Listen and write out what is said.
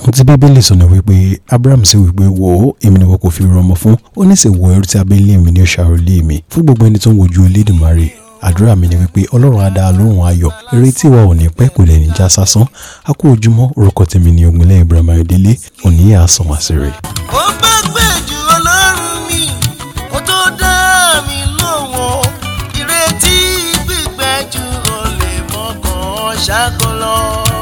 ohun tí bíbélì sọ ni wípé abraham sì wípé wò ó èmi ni wọn kò fi rọmọ fún ó ní sì wọ ẹrú tí abẹ́lé mi ní òṣàrò lé mi fún gbogbo ẹni tó ń wojú Elédùmarè àdúrà mi ni wípé ọlọ́run á dá lóhùn ayọ̀ ìrètí wa ò ní pẹ́ kò lè ní já sásán a kú ojúmọ́ orúkọ tèmi ni Ògúnlẹ́yìn Ibrahim Ayọ̀délé òní yà á sàn wá sí rè. ó bá gbèjú ọlọ́run mi kó tó dá mi lóhùn ìrètí gbígbẹ́jú olè ṣàkólọ́.